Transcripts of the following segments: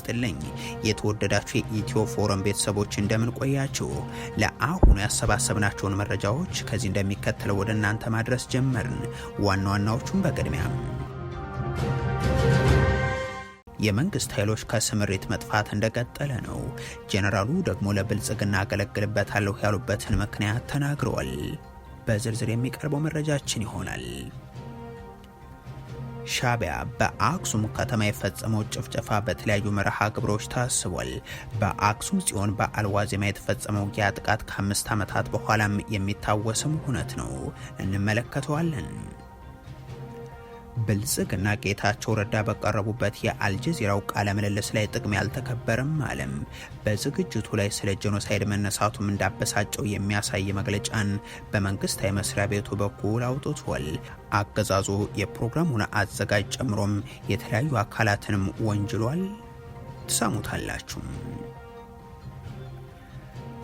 ይስጥልኝ። የተወደዳችሁ የኢትዮ ፎረም ቤተሰቦች እንደምን ቆያችሁ? ለአሁኑ ያሰባሰብናቸውን መረጃዎች ከዚህ እንደሚከተለው ወደ እናንተ ማድረስ ጀመርን። ዋና ዋናዎቹም በቅድሚያ የመንግስት ኃይሎች ከስምሪት መጥፋት እንደቀጠለ ነው። ጄኔራሉ ደግሞ ለብልጽግና አገለግልበታለሁ ያሉበትን ምክንያት ተናግረዋል። በዝርዝር የሚቀርበው መረጃችን ይሆናል። ሻቢያ በአክሱም ከተማ የፈጸመው ጭፍጨፋ በተለያዩ መርሃ ግብሮች ታስቧል። በአክሱም ጽዮን በዓል ዋዜማ የተፈጸመው ውጊያ ጥቃት ከአምስት ዓመታት በኋላም የሚታወስም ሁነት ነው። እንመለከተዋለን። ብልጽግና ጌታቸው ረዳ በቀረቡበት የአልጀዚራው ቃለ ምልልስ ላይ ጥቅም ያልተከበረም አለም። በዝግጅቱ ላይ ስለ ጄኖሳይድ መነሳቱም እንዳበሳጨው የሚያሳይ መግለጫን በመንግስታዊ መስሪያ ቤቱ በኩል አውጥቷል። አገዛዙ የፕሮግራሙን አዘጋጅ ጨምሮም የተለያዩ አካላትንም ወንጅሏል። ትሳሙታላችሁ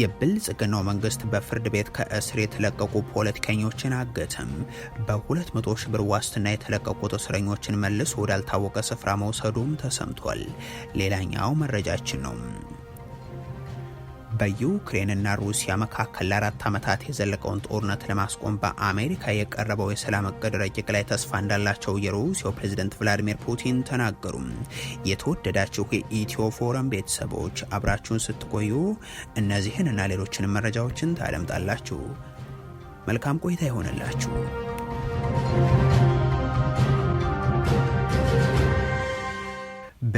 የብልጽግናው መንግስት በፍርድ ቤት ከእስር የተለቀቁ ፖለቲከኞችን አገተም። በ200 ብር ዋስትና የተለቀቁት እስረኞችን መልሶ ወዳልታወቀ ስፍራ መውሰዱም ተሰምቷል። ሌላኛው መረጃችን ነው። በዩክሬንና ሩሲያ መካከል ለአራት ዓመታት የዘለቀውን ጦርነት ለማስቆም በአሜሪካ የቀረበው የሰላም እቅድ ረቂቅ ላይ ተስፋ እንዳላቸው የሩሲያው ፕሬዝደንት ቭላዲሚር ፑቲን ተናገሩ። የተወደዳችሁ የኢትዮ ፎረም ቤተሰቦች አብራችሁን ስትቆዩ እነዚህን እና ሌሎችንም መረጃዎችን ታደምጣላችሁ። መልካም ቆይታ ይሆንላችሁ።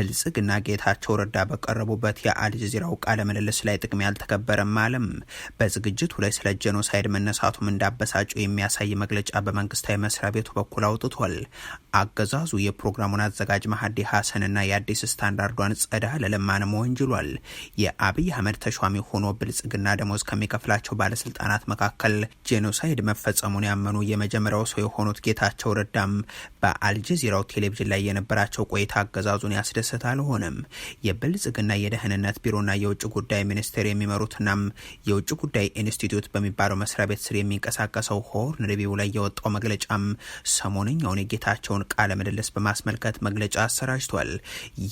ብልጽግና ጌታቸው ረዳ በቀረቡበት የአልጀዚራው ቃለ ምልልስ ላይ ጥቅም ያልተከበረም አለም በዝግጅቱ ላይ ስለ ጄኖሳይድ መነሳቱም እንዳበሳጩ የሚያሳይ መግለጫ በመንግስታዊ መስሪያ ቤቱ በኩል አውጥቷል። አገዛዙ የፕሮግራሙን አዘጋጅ መሀዲ ሀሰንና የአዲስ ስታንዳርዷን ጸዳ ለማንም ወንጅሏል። የአብይ አህመድ ተሿሚ ሆኖ ብልጽግና ደሞዝ ከሚከፍላቸው ባለስልጣናት መካከል ጄኖሳይድ መፈጸሙን ያመኑ የመጀመሪያው ሰው የሆኑት ጌታቸው ረዳም በአልጀዚራው ቴሌቪዥን ላይ የነበራቸው ቆይታ አገዛዙን ያስደሰ የሚደሰት አልሆነም። የብልጽግና የደህንነት ቢሮና የውጭ ጉዳይ ሚኒስቴር የሚመሩትናም የውጭ ጉዳይ ኢንስቲትዩት በሚባለው መስሪያ ቤት ስር የሚንቀሳቀሰው ሆርን ሪቪው ላይ የወጣው መግለጫም ሰሞነኛውን የጌታቸውን ቃለ ምልልስ በማስመልከት መግለጫ አሰራጅቷል።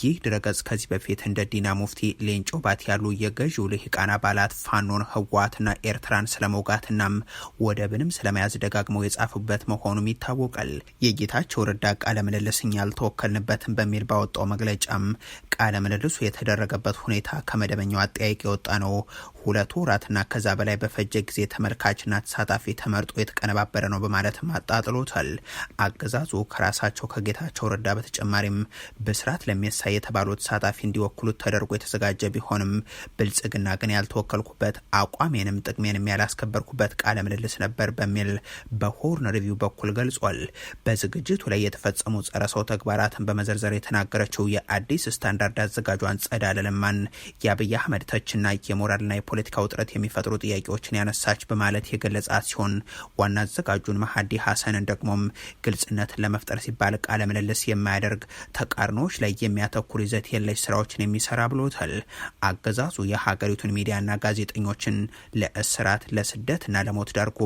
ይህ ድረገጽ ከዚህ በፊት እንደ ዲና ሙፍቲ፣ ሌንጮ ባት ያሉ የገዢው ልሂቃን አባላት ፋኖን፣ ህወሓትና ኤርትራን ስለመውጋትናም ወደብንም ስለመያዝ ደጋግመው የጻፉበት መሆኑም ይታወቃል። የጌታቸው ረዳ ቃለ ምልልስ እኛ አልተወከልንበትም በሚል ባወጣው መግለጫ መግለጫም ቃለ ምልልሱ የተደረገበት ሁኔታ ከመደበኛው አጠያቂ የወጣ ነው። ሁለቱ ወራትና ከዛ በላይ በፈጀ ጊዜ ተመልካችና ተሳታፊ ተመርጦ የተቀነባበረ ነው በማለትም አጣጥሎታል። አገዛዙ ከራሳቸው ከጌታቸው ረዳ በተጨማሪም ብስራት ለሚያሳይ የተባሉ ተሳታፊ እንዲወክሉት ተደርጎ የተዘጋጀ ቢሆንም ብልጽግና ግን ያልተወከልኩበት አቋሜንም ጥቅሜንም ያላስከበርኩበት ቃለ ምልልስ ነበር በሚል በሆርን ሪቪው በኩል ገልጿል። በዝግጅቱ ላይ የተፈጸሙ ጸረ ሰው ተግባራትን በመዘርዘር የተናገረችው አዲስ ስታንዳርድ አዘጋጇን ጸዳለ ለማን የአብይ አህመድ ተችና የሞራልና የፖለቲካ ውጥረት የሚፈጥሩ ጥያቄዎችን ያነሳች በማለት የገለጻት ሲሆን ዋና አዘጋጁን መሀዲ ሀሰንን ደግሞም ግልጽነት ለመፍጠር ሲባል ቃለ ምልልስ የማያደርግ ተቃርኖዎች ላይ የሚያተኩር ይዘት የለሽ ስራዎችን የሚሰራ ብሎታል። አገዛዙ የሀገሪቱን ሚዲያና ጋዜጠኞችን ለእስራት ለስደትና ለሞት ዳርጎ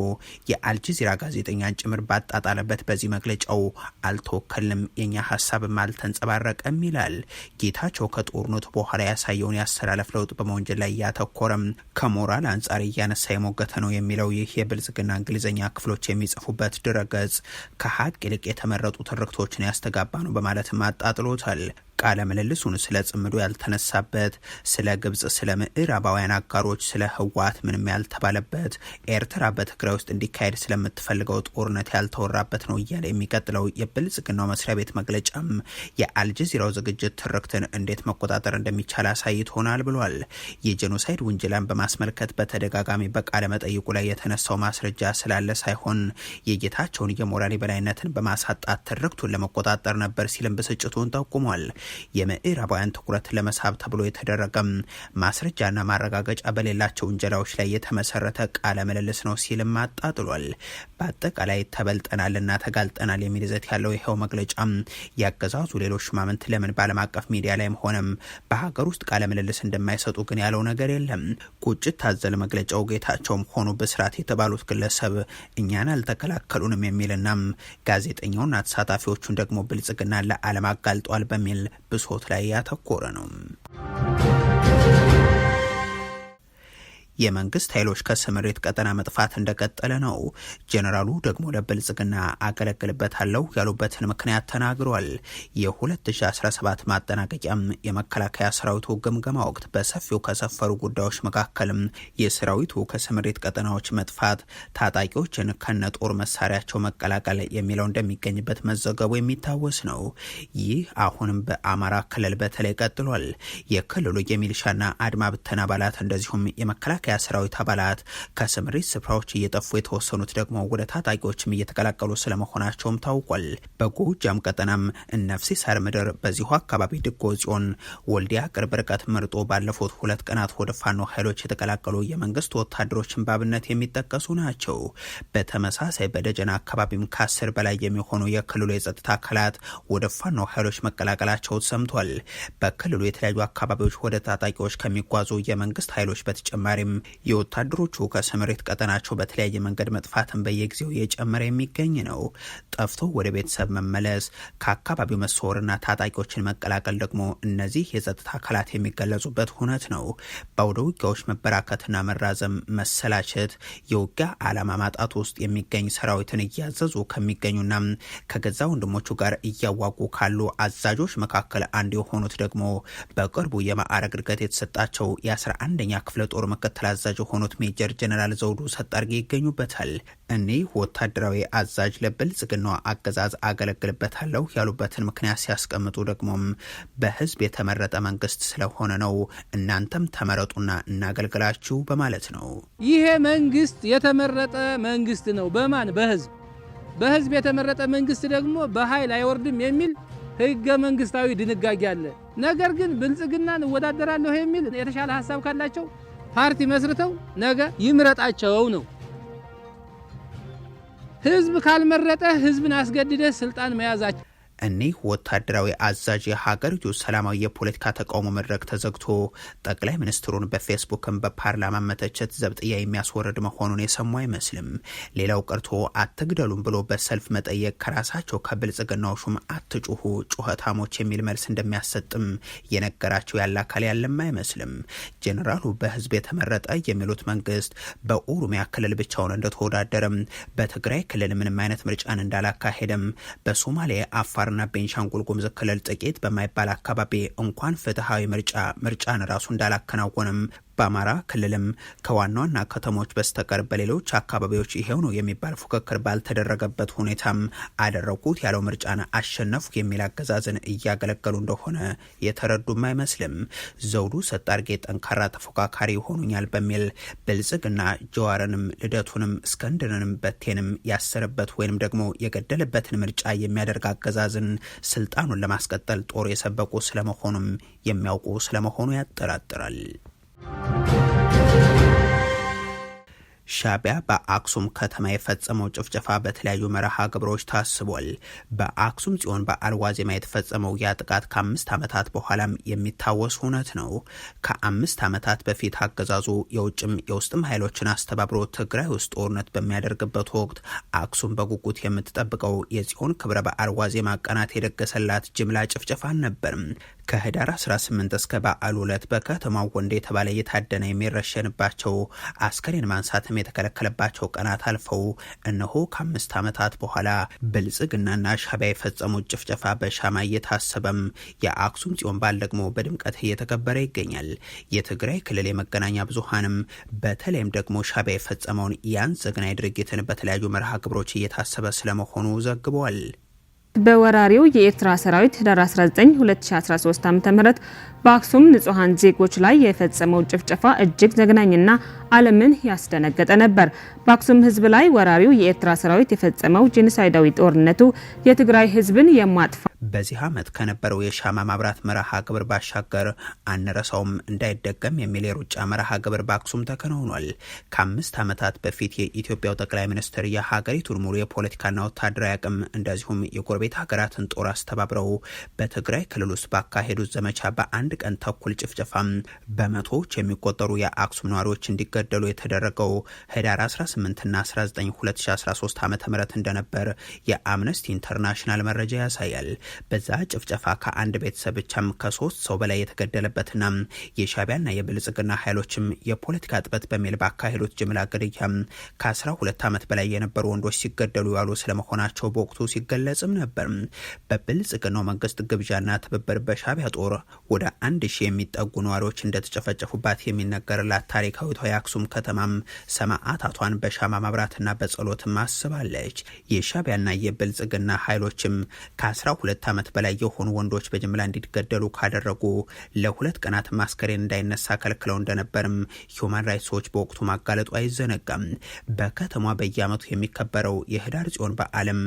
የአልጀዚራ ጋዜጠኛን ጭምር ባጣጣለበት በዚህ መግለጫው አልተወከልም የኛ ሀሳብም አልተንጸባረቀም ይላል። ብለዋል። ጌታቸው ከጦርነቱ በኋላ ያሳየውን የአሰላለፍ ለውጥ በመወንጀል ላይ እያተኮረም ከሞራል አንጻር እያነሳ የሞገተ ነው የሚለው ይህ የብልጽግና እንግሊዝኛ ክፍሎች የሚጽፉበት ድረገጽ ከሀቅ ይልቅ የተመረጡ ትርክቶችን ያስተጋባ ነው በማለትም አጣጥሎታል። ቃለ ምልልሱን ስለ ጽምዶ ያልተነሳበት፣ ስለ ግብጽ፣ ስለ ምዕራባውያን አጋሮች፣ ስለ ህወሓት ምንም ያልተባለበት፣ ኤርትራ በትግራይ ውስጥ እንዲካሄድ ስለምትፈልገው ጦርነት ያልተወራበት ነው እያለ የሚቀጥለው የብልጽግናው መስሪያ ቤት መግለጫም የአልጀዚራው ዝግጅት ትርክትን እንዴት መቆጣጠር እንደሚቻል አሳይቶናል ብሏል። የጀኖሳይድ ውንጀላን በማስመልከት በተደጋጋሚ በቃለ መጠይቁ ላይ የተነሳው ማስረጃ ስላለ ሳይሆን የጌታቸውን የሞራል የበላይነትን በማሳጣት ትርክቱን ለመቆጣጠር ነበር ሲልም ብስጭቱን ጠቁሟል። የምዕራባውያን ትኩረት ለመሳብ ተብሎ የተደረገ ማስረጃና ማረጋገጫ በሌላቸው ውንጀላዎች ላይ የተመሰረተ ቃለ ምልልስ ነው ሲልም አጣጥሏል። በአጠቃላይ ተበልጠናልና ተጋልጠናል የሚል ይዘት ያለው ይኸው መግለጫ ያገዛዙ ሌሎች ሹማምንት ለምን በዓለም አቀፍ ሚዲያ ላይም ሆነም በሀገር ውስጥ ቃለ ምልልስ እንደማይሰጡ ግን ያለው ነገር የለም። ቁጭት ታዘል መግለጫው ጌታቸውም ሆኑ ብስራት የተባሉት ግለሰብ እኛን አልተከላከሉንም የሚልና ጋዜጠኛውና ተሳታፊዎቹን ደግሞ ብልጽግና ለዓለም አጋልጧል በሚል ብሶት ላይ ያተኮረ ነው። የመንግስት ኃይሎች ከስምሪት ቀጠና መጥፋት እንደቀጠለ ነው። ጀኔራሉ ደግሞ ለብልጽግና አገለግልበታለሁ ያሉበትን ምክንያት ተናግሯል። የ2017 ማጠናቀቂያም የመከላከያ ሰራዊቱ ግምገማ ወቅት በሰፊው ከሰፈሩ ጉዳዮች መካከልም የሰራዊቱ ከስምሪት ቀጠናዎች መጥፋት፣ ታጣቂዎችን ከነ ጦር መሳሪያቸው መቀላቀል የሚለው እንደሚገኝበት መዘገቡ የሚታወስ ነው። ይህ አሁንም በአማራ ክልል በተለይ ቀጥሏል። የክልሉ የሚልሻና አድማ ብተን አባላት እንደዚሁም የመከላከያ መከላከያ ሰራዊት አባላት ከስምሪት ስፍራዎች እየጠፉ የተወሰኑት ደግሞ ወደ ታጣቂዎችም እየተቀላቀሉ ስለመሆናቸውም ታውቋል። በጎጃም ቀጠናም እነፍሴ ሳር ምድር በዚሁ አካባቢ ድጎ ጽዮን ወልዲያ ቅርብ ርቀት መርጦ ባለፉት ሁለት ቀናት ወደ ፋኖ ኃይሎች የተቀላቀሉ የመንግስት ወታደሮችን በአብነት የሚጠቀሱ ናቸው። በተመሳሳይ በደጀና አካባቢም ከአስር በላይ የሚሆኑ የክልሉ የጸጥታ አካላት ወደ ፋኖ ኃይሎች መቀላቀላቸው ሰምቷል። በክልሉ የተለያዩ አካባቢዎች ወደ ታጣቂዎች ከሚጓዙ የመንግስት ኃይሎች በተጨማሪም የወታደሮቹ ከስምሪት ቀጠናቸው በተለያየ መንገድ መጥፋትን በየጊዜው እየጨመረ የሚገኝ ነው። ጠፍቶ ወደ ቤተሰብ መመለስ፣ ከአካባቢው መሰወርና ታጣቂዎችን መቀላቀል ደግሞ እነዚህ የጸጥታ አካላት የሚገለጹበት ሁነት ነው። በአውደ ውጊያዎች መበራከትና መራዘም፣ መሰላቸት፣ የውጊያ አላማ ማጣት ውስጥ የሚገኝ ሰራዊትን እያዘዙ ከሚገኙና ከገዛ ወንድሞቹ ጋር እያዋጉ ካሉ አዛዦች መካከል አንዱ የሆኑት ደግሞ በቅርቡ የማዕረግ እድገት የተሰጣቸው የአስራ አንደኛ ክፍለ ጦር ምክትል ክፍል አዛዥ የሆኑት ሜጀር ጀነራል ዘውዱ ሰጣርጌ ይገኙበታል። እኒህ ወታደራዊ አዛዥ ለብልጽግና አገዛዝ አገለግልበታለሁ ያሉበትን ምክንያት ሲያስቀምጡ ደግሞም በህዝብ የተመረጠ መንግስት ስለሆነ ነው፣ እናንተም ተመረጡና እናገልግላችሁ በማለት ነው። ይሄ መንግስት የተመረጠ መንግስት ነው። በማን በህዝብ በህዝብ የተመረጠ መንግስት ደግሞ በኃይል አይወርድም የሚል ህገ መንግስታዊ ድንጋጌ አለ። ነገር ግን ብልጽግናን እወዳደራለሁ የሚል የተሻለ ሀሳብ ካላቸው ፓርቲ መስርተው ነገ ይምረጣቸው ነው። ህዝብ ካልመረጠ ህዝብን አስገድደ ስልጣን መያዛቸው እኒህ ወታደራዊ አዛዥ የሀገሪቱ ሰላማዊ የፖለቲካ ተቃውሞ መድረክ ተዘግቶ ጠቅላይ ሚኒስትሩን በፌስቡክም በፓርላማ መተቸት ዘብጥያ የሚያስወርድ መሆኑን የሰሙ አይመስልም። ሌላው ቀርቶ አትግደሉም ብሎ በሰልፍ መጠየቅ ከራሳቸው ከብልጽግናው ሹም አትጩሁ ጩኸታሞች የሚል መልስ እንደሚያሰጥም የነገራቸው ያለ አካል ያለም አይመስልም። ጄኔራሉ በህዝብ የተመረጠ የሚሉት መንግስት በኦሮሚያ ክልል ብቻውን እንደተወዳደረም፣ በትግራይ ክልል ምንም አይነት ምርጫን እንዳላካሄደም፣ በሶማሌ አፋር አፋርና ቤንሻንጉል ጉሙዝ ክልል ጥቂት በማይባል አካባቢ እንኳን ፍትሐዊ ምርጫ ምርጫን ራሱ እንዳላከናወንም በአማራ ክልልም ከዋና ዋና ከተሞች በስተቀር በሌሎች አካባቢዎች ይሄው ነው የሚባል ፉክክር ባልተደረገበት ሁኔታም አደረጉት ያለው ምርጫን አሸነፉ የሚል አገዛዝን እያገለገሉ እንደሆነ የተረዱም አይመስልም። ዘውዱ ሰጣርጌ ጠንካራ ተፎካካሪ ይሆኑኛል በሚል ብልጽግና ጀዋርንም ልደቱንም እስከንድርንም በቴንም ያሰረበት ወይንም ደግሞ የገደለበትን ምርጫ የሚያደርግ አገዛዝን ስልጣኑን ለማስቀጠል ጦር የሰበቁ ስለመሆኑም የሚያውቁ ስለመሆኑ ያጠራጥራል። ሻቢያ በአክሱም ከተማ የፈጸመው ጭፍጨፋ በተለያዩ መርሃ ግብሮች ታስቧል። በአክሱም ጽዮን በዓል ዋዜማ የተፈጸመው ያ ጥቃት ከአምስት ዓመታት በኋላም የሚታወስ እውነት ነው። ከአምስት ዓመታት በፊት አገዛዙ የውጭም የውስጥም ኃይሎችን አስተባብሮ ትግራይ ውስጥ ጦርነት በሚያደርግበት ወቅት አክሱም በጉጉት የምትጠብቀው የጽዮን ክብረ በዓል ዋዜማ ቀናት የደገሰላት ጅምላ ጭፍጨፋ አልነበርም። ከህዳር 18 እስከ በዓሉ ዕለት በከተማው ወንዶ የተባለ እየታደነ የሚረሸንባቸው አስከሬን ማንሳትም የተከለከለባቸው ቀናት አልፈው እነሆ ከአምስት ዓመታት በኋላ ብልጽግናና ሻቢያ የፈጸሙት ጭፍጨፋ በሻማ እየታሰበም የአክሱም ጽዮን በዓል ደግሞ በድምቀት እየተከበረ ይገኛል። የትግራይ ክልል የመገናኛ ብዙሃንም በተለይም ደግሞ ሻቢያ የፈጸመውን ያን ዘግናይ ድርጊትን በተለያዩ መርሃ ግብሮች እየታሰበ ስለመሆኑ ዘግቧል። በወራሪው የኤርትራ ሰራዊት ህዳር 19 2013 ዓ.ም በአክሱም ንጹሐን ዜጎች ላይ የፈጸመው ጭፍጨፋ እጅግ ዘግናኝና ዓለምን ያስደነገጠ ነበር። በአክሱም ሕዝብ ላይ ወራሪው የኤርትራ ሰራዊት የፈጸመው ጄኖሳይዳዊ ጦርነቱ የትግራይ ሕዝብን የማጥፋ በዚህ ዓመት ከነበረው የሻማ ማብራት መርሃ ግብር ባሻገር አንረሳውም እንዳይደገም የሚል የሩጫ መርሃ ግብር በአክሱም ተከናውኗል። ከአምስት ዓመታት በፊት የኢትዮጵያው ጠቅላይ ሚኒስትር የሀገሪቱን ሙሉ የፖለቲካና ወታደራዊ አቅም እንደዚሁም የጎረቤት ሀገራትን ጦር አስተባብረው በትግራይ ክልል ውስጥ ባካሄዱት ዘመቻ በአንድ ቀን ተኩል ጭፍጨፋ በመቶዎች የሚቆጠሩ የአክሱም ነዋሪዎች እንዲገደሉ የተደረገው ህዳር 18ና 19 2013 ዓ ም እንደነበር የአምነስቲ ኢንተርናሽናል መረጃ ያሳያል። በዛ ጭፍጨፋ ከአንድ ቤተሰብ ብቻም ከሶስት ሰው በላይ የተገደለበትና የሻቢያና የብልጽግና ኃይሎችም የፖለቲካ ጥበት በሚል ባካሄዱት ጅምላ ግድያ ከ12 ዓመት በላይ የነበሩ ወንዶች ሲገደሉ ያሉ ስለመሆናቸው በወቅቱ ሲገለጽም ነበር። በብልጽግናው መንግስት ግብዣና ትብብር በሻቢያ ጦር ወደ አንድ ሺህ የሚጠጉ ነዋሪዎች እንደተጨፈጨፉባት የሚነገርላት ታሪካዊቷ የአክሱም ከተማም ሰማዕታቷን በሻማ ማብራትና በጸሎትም አስባለች። የሻቢያና የብልጽግና ኃይሎችም ከአስራ ሁለት ዓመት በላይ የሆኑ ወንዶች በጅምላ እንዲገደሉ ካደረጉ ለሁለት ቀናት ማስከሬን እንዳይነሳ ከልክለው እንደነበርም ሂውማን ራይትስ ዎች በወቅቱ ማጋለጡ አይዘነጋም። በከተማ በየዓመቱ የሚከበረው የህዳር ጽዮን በዓለም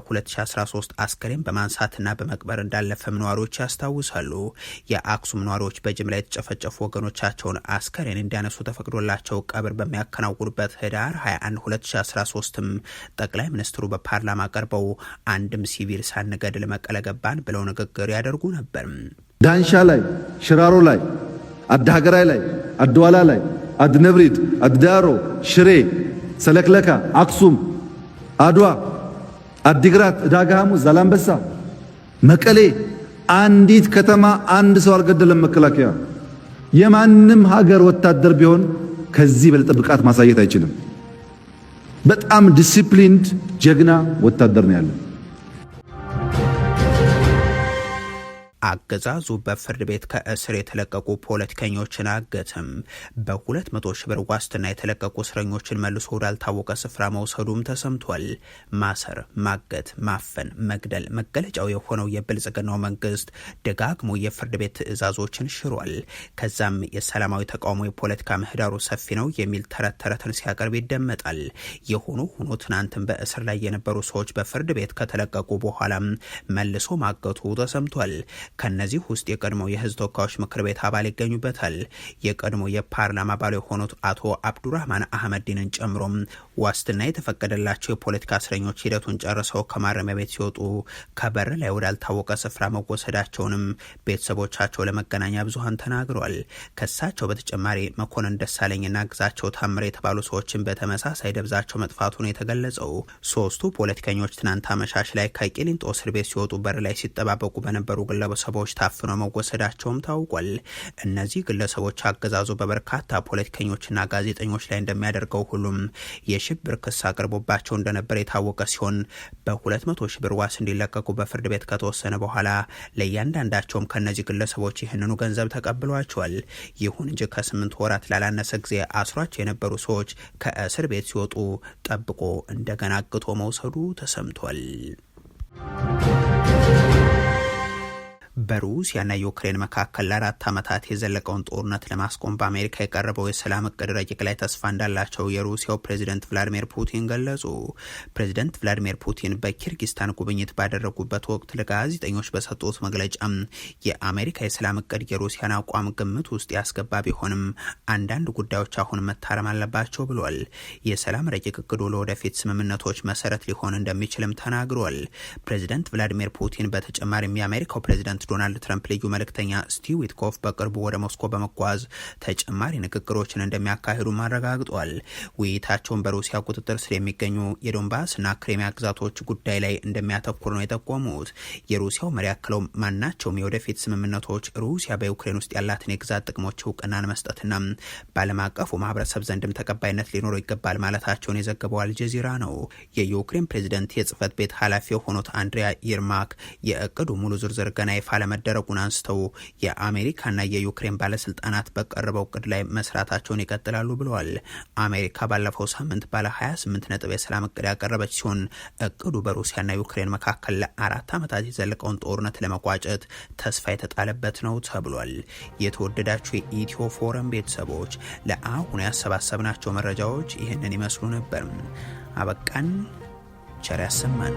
በ2013 አስከሬን በማንሳትና በመቅበር እንዳለፈም ነዋሪዎች ያስታውሳሉ። የአክሱም ነዋሪዎች በጅምላ የተጨፈጨፉ ወገኖቻቸውን አስከሬን እንዲያነሱ ተፈቅዶላቸው ቀብር በሚያከናውኑበት ህዳር 21 2013ም ጠቅላይ ሚኒስትሩ በፓርላማ ቀርበው አንድም ሲቪል ሳንገድል መቀለ ገባን ብለው ንግግር ያደርጉ ነበር። ዳንሻ ላይ፣ ሽራሮ ላይ፣ አዳሀገራይ ላይ፣ አድዋላ ላይ፣ አድነብሪድ አድዳሮ፣ ሽሬ፣ ሰለክለካ፣ አክሱም፣ አድዋ አዲግራት፣ ዕዳጋ ሐሙስ፣ ዛላምበሳ፣ መቀሌ አንዲት ከተማ አንድ ሰው አልገደለም። መከላከያ የማንም ሀገር ወታደር ቢሆን ከዚህ በለጠ ብቃት ማሳየት አይችልም። በጣም ዲሲፕሊንድ ጀግና ወታደር ነው ያለን። አገዛዙ በፍርድ ቤት ከእስር የተለቀቁ ፖለቲከኞችን አገትም በ መቶ ሺህ ብር ዋስትና የተለቀቁ እስረኞችን መልሶ ወዳልታወቀ ስፍራ መውሰዱም ተሰምቷል። ማሰር፣ ማገት፣ ማፈን፣ መግደል መገለጫው የሆነው የብልጽግናው መንግስት ደጋግሞ የፍርድ ቤት ትዕዛዞችን ሽሯል። ከዛም የሰላማዊ ተቃውሞ የፖለቲካ ምህዳሩ ሰፊ ነው የሚል ተረት ተረትን ሲያቀርብ ይደመጣል። የሆኖ ሆኖ ትናንትም በእስር ላይ የነበሩ ሰዎች በፍርድ ቤት ከተለቀቁ በኋላም መልሶ ማገቱ ተሰምቷል። ከነዚህ ውስጥ የቀድሞ የህዝብ ተወካዮች ምክር ቤት አባል ይገኙበታል። የቀድሞ የፓርላማ አባል የሆኑት አቶ አብዱራህማን አህመድዲንን ጨምሮም ዋስትና የተፈቀደላቸው የፖለቲካ እስረኞች ሂደቱን ጨርሰው ከማረሚያ ቤት ሲወጡ ከበር ላይ ወዳልታወቀ ስፍራ መወሰዳቸውንም ቤተሰቦቻቸው ለመገናኛ ብዙሀን ተናግሯል። ከሳቸው በተጨማሪ መኮንን ደሳለኝና ግዛቸው ታምር የተባሉ ሰዎችን በተመሳሳይ ደብዛቸው መጥፋቱ ነው የተገለጸው። ሶስቱ ፖለቲከኞች ትናንት አመሻሽ ላይ ከቂሊንጦ እስር ቤት ሲወጡ በር ላይ ሲጠባበቁ በነበሩ ግለሰቦች ግለሰቦች ታፍነው መወሰዳቸውም ታውቋል። እነዚህ ግለሰቦች አገዛዙ በበርካታ ፖለቲከኞችና ጋዜጠኞች ላይ እንደሚያደርገው ሁሉም የሽብር ክስ አቅርቦባቸው እንደነበር የታወቀ ሲሆን በ200 ሺ ብር ዋስ እንዲለቀቁ በፍርድ ቤት ከተወሰነ በኋላ ለእያንዳንዳቸውም ከእነዚህ ግለሰቦች ይህንኑ ገንዘብ ተቀብሏቸዋል። ይሁን እንጂ ከስምንት ወራት ላላነሰ ጊዜ አስሯቸው የነበሩ ሰዎች ከእስር ቤት ሲወጡ ጠብቆ እንደገና አግቶ መውሰዱ ተሰምቷል። በሩሲያና ዩክሬን መካከል ለአራት ዓመታት የዘለቀውን ጦርነት ለማስቆም በአሜሪካ የቀረበው የሰላም እቅድ ረቂቅ ላይ ተስፋ እንዳላቸው የሩሲያው ፕሬዚደንት ቭላዲሚር ፑቲን ገለጹ። ፕሬዚደንት ቭላዲሚር ፑቲን በኪርጊስታን ጉብኝት ባደረጉበት ወቅት ለጋዜጠኞች በሰጡት መግለጫ የአሜሪካ የሰላም እቅድ የሩሲያን አቋም ግምት ውስጥ ያስገባ ቢሆንም አንዳንድ ጉዳዮች አሁን መታረም አለባቸው ብሏል። የሰላም ረቂቅ እቅዱ ለወደፊት ስምምነቶች መሰረት ሊሆን እንደሚችልም ተናግሯል። ፕሬዚደንት ቭላዲሚር ፑቲን በተጨማሪም የአሜሪካው ፕሬዚደንት የሚገኙት ዶናልድ ትረምፕ ልዩ መልእክተኛ ስቲቭ ዊትኮፍ በቅርቡ ወደ ሞስኮ በመጓዝ ተጨማሪ ንግግሮችን እንደሚያካሂዱ አረጋግጧል። ውይይታቸውን በሩሲያ ቁጥጥር ስር የሚገኙ የዶንባስና ክሬሚያ ግዛቶች ጉዳይ ላይ እንደሚያተኩር ነው የጠቆሙት። የሩሲያው መሪ አክለው ማናቸውም የወደፊት ስምምነቶች ሩሲያ በዩክሬን ውስጥ ያላትን የግዛት ጥቅሞች እውቅናን መስጠትና በዓለም አቀፉ ማህበረሰብ ዘንድም ተቀባይነት ሊኖረው ይገባል ማለታቸውን የዘገበው አልጀዚራ ነው። የዩክሬን ፕሬዚደንት የጽህፈት ቤት ኃላፊ የሆኑት አንድሪያ ይርማክ የእቅዱ ሙሉ ዝርዝር ገና ይፋ አለመደረጉን አንስተው የአሜሪካና የዩክሬን ባለስልጣናት በቀረበው እቅድ ላይ መስራታቸውን ይቀጥላሉ ብለዋል። አሜሪካ ባለፈው ሳምንት ባለ 28 ነጥብ የሰላም እቅድ ያቀረበች ሲሆን እቅዱ በሩሲያና ዩክሬን መካከል ለአራት ዓመታት የዘለቀውን ጦርነት ለመቋጨት ተስፋ የተጣለበት ነው ተብሏል። የተወደዳችሁ የኢትዮ ፎረም ቤተሰቦች ለአሁኑ ያሰባሰብናቸው መረጃዎች ይህንን ይመስሉ ነበር። አበቃን። ቸር ያሰማን።